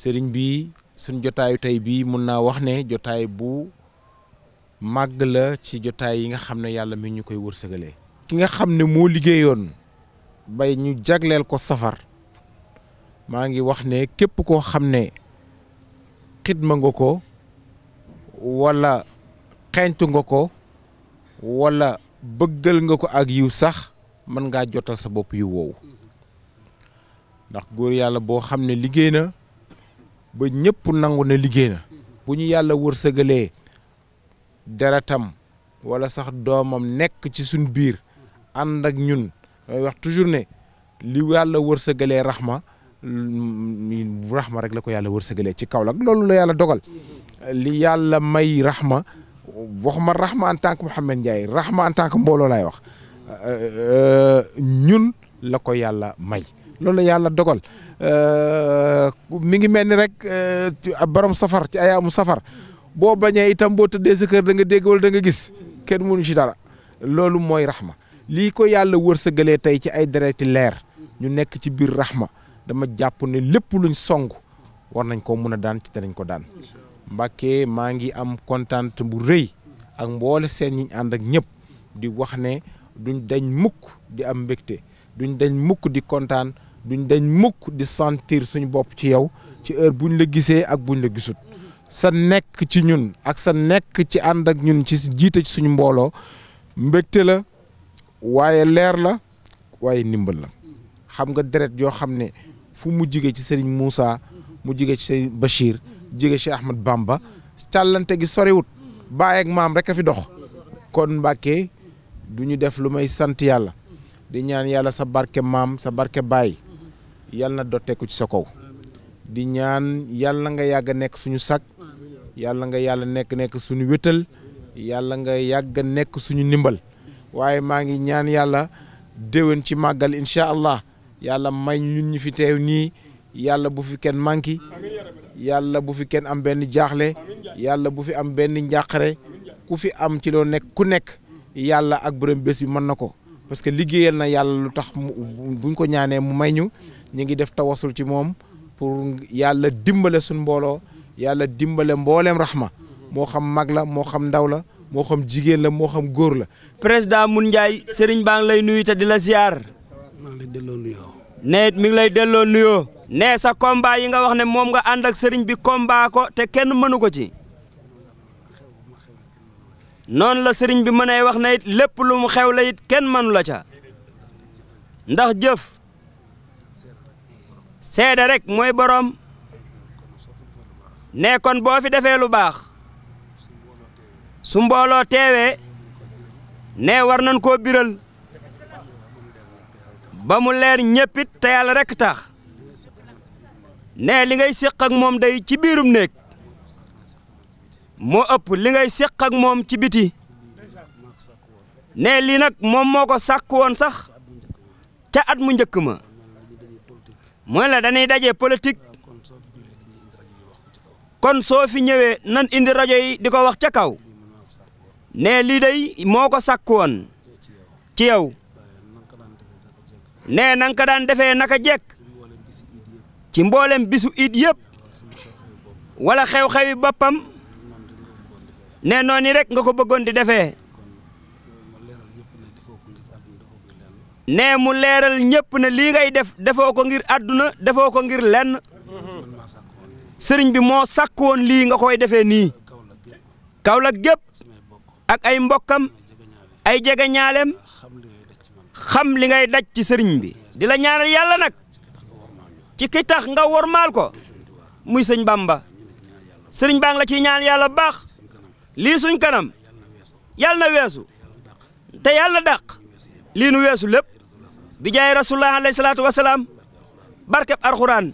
sëriñ bi suñ jotaayu tey bii mun naa wax ne jotaay bu màgg la ci jotaay yi nga xam ne yàlla mi ñu koy wërsëgalee. ki nga xam ne moo liggéeyoon bay ñu jagleel ko safar maa ngi wax ne képp koo xam ne xidma nga ko wala xeeñtu nga ko wala bëggal nga ko ak yiw sax mën ngaa jotal sa bopp yu woowu ndax góor yàlla boo xam ne liggéey na. ba ñëpp nangu na liggéey na bu ñu yàlla wërsëgalee deretam wala sax doomam nekk ci suñ biir ànd ak ñun mooy wax toujours ne li yàlla wërsëgalee raxma raxma rek la ko yàlla wërsëgalee ci kaw Kaolack loolu la yàlla dogal li yàlla may raxma ma raxma en tant que Mouhamed Ndiaye raxma en tant mbooloo laay wax euh, euh, ñun la ko yàlla may loolu la yàlla dogal euh, mi ngi mel ni rek euh, borom safar ci ayaamu safar boo bañee itam boo tëddee sa kër da nga dégg da nga gis kenn mënu ci dara loolu mooy raxma lii ko yàlla wërsëgalee tey ci ay dereti leer ñu nekk ci biir raxma dama jàpp ni lépp luñ song war nañ ko mun a daan ci te nañ ko daan Mbàkke maa ngi am kontaan bu rëy ak mboole seen ñi ànd ak ñëpp di wax ne duñ dañ mukk di am mbégte duñ dañ mukk di kontaan duñ dañ mukk di sentir suñu bopp ci yow ci heure buñ la gisee ak buñ la gisut sa nekk ci ñun ak sa nekk ci ànd ak ñun ci jiite ci suñu mbooloo mbégte la waaye leer la waaye ndimbal la xam nga deret yoo xam ne fu mu jige ci sëriñ Moussa mu jige ci sëriñ Bachir jige ci Ahmad ba càllante gi sorewut baay ak maam rek a fi dox kon Mbàkke du ñu def lu may sant yàlla di ñaan yàlla sa barke maam sa barke bàyyi yal na dotteeku ci sa kaw di ñaan yàlla nga yàgg a nekk suñu sag yàlla nga yàlla nekk nekk suñu wétal yàlla nga yàgg a nekk suñu ndimbal waaye maa ngi ñaan yàlla déwén ci màggal incha allah yàlla may ñun ñu fi teew nii yàlla bu fi kenn manki yàlla bu fi kenn am benn jaaxle yàlla bu fi am benn njàqare ku fi am ci loo nekk ku nekk yàlla ak borom bés bi mën na ko parce que liggéeyal na yàlla lu tax buñ ko ñaanee mu may ñu ñu ngi def tawasul ci moom pour yàlla dimbale suñ mbooloo yàlla dimbale mbooleem raxma moo xam mag la moo xam ndaw la moo xam jigéen la moo xam góor la. président Mun Ndiaye sëriñ baa ngi lay nuyu te di la ziar. maa ngi lay delloo nuyoo. nee mi ngi lay delloo nuyoo. nee sa combat yi nga wax ne moom nga ànd ak sëriñ bi kombaa ko te kenn mënu ko ci. noonu la sëriñ bi mën ay wax ne lépp lu mu xew la it kenn mënu la ca. ndax jëf. seede rek mooy boroom ne kon boo fi defee lu baax su mbooloo teewee ne war nañ koo biral ba mu leer ñëppit te yàlla rek tax ne li ngay séq ak moom day ci biirum néeg moo ëpp li ngay séq ak moom ci biti ne lii nag moom moo ko sàkk woon sax ca at mu njëkk ma mooy la dañuy daje politique kon soo fi ñëwee nan indi rajo yi di ko wax ca kaw ne lii day moo ko sàkk woon ci yow nee na nga ko daan defee naka jekk ci mboolem bisu it yépp wala xew-xewi xew boppam ne noonu rek nga ko bëggoon di defee ne mu leeral ñépp ne lii ngay def defoo ko ngir àdduna defoo ko ngir lenn sëriñ bi moo sàkk woon lii nga koy defee nii Kaolack gépp ak ay mbokkam ay jegeñaaleem xam li ngay daj ci sëriñ bi di la ñaanal yàlla nag ci ki tax nga wormaal ko muy sëñ Bamba sëriñ baa ngi la ciy ñaan yàlla baax lii suñ kanam yàlla na weesu te yàlla dàq lii nu weesu lépp bi jaay rasulullah alayhi salaatu wasalaam barkeb alxuraan